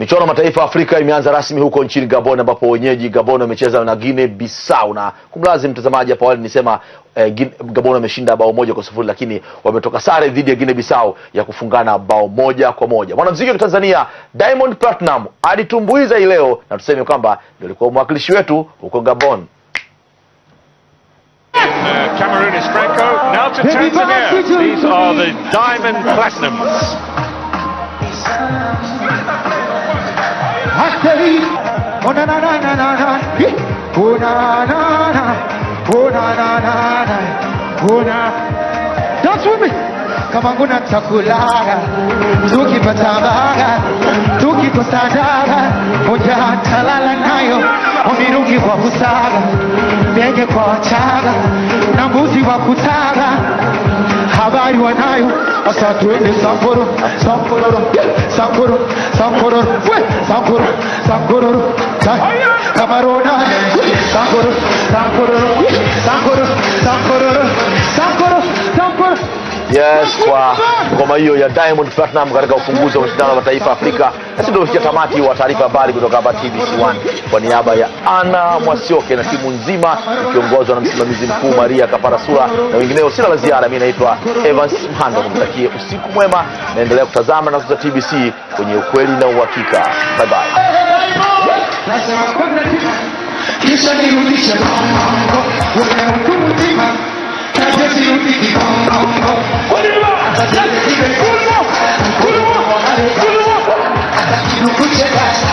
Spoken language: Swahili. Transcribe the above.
Michuano mataifa Afrika imeanza rasmi huko nchini Gabon ambapo wenyeji Gabon wamecheza na guine bisau na kumlazi mtazamaji hapo awali nisema eh, Gabon wameshinda bao moja kwa sufuri lakini wametoka sare dhidi ya guine bisau ya kufungana bao moja kwa moja. mwanamziki wa kitanzania Diamond Platinum alitumbuiza hii leo na tuseme kwamba ndio alikuwa mwakilishi wetu huko Gabon. Uh, Cameroon is Franco. Now to Tanzania. These are the Diamond Platinums. factory. Oh na na na na na na. Oh na na na. Oh na na na na. Oh na. Dance with me. Kama nguna takulaga tukipatamaga tukikosanaga moja talala nayo umirugi kwa kusaga ndege kwa wachaga na mbuzi wa kutaga habari wanayo Asatwende Sankoro, Sankoro, Sankoro, Sankoro, Sankoro, Sankoro, Camarona, Sankoro, Sankoro, yes, kwa ngoma hiyo ya Diamond Platinum katika ufunguzi wa mashindano ya mataifa Afrika. Nasi ndofikia tamati wa taarifa habari kutoka hapa TBC1, kwa niaba ya Ana Mwasioke na timu nzima ikiongozwa na msimamizi mkuu Maria Kapara Sura na wengineo, sina la ziara Mimi naitwa Evans Mhando, kumtakie usiku mwema, naendelea kutazama na kuza TBC kwenye ukweli na uhakika. Bye bye. não pude chegar.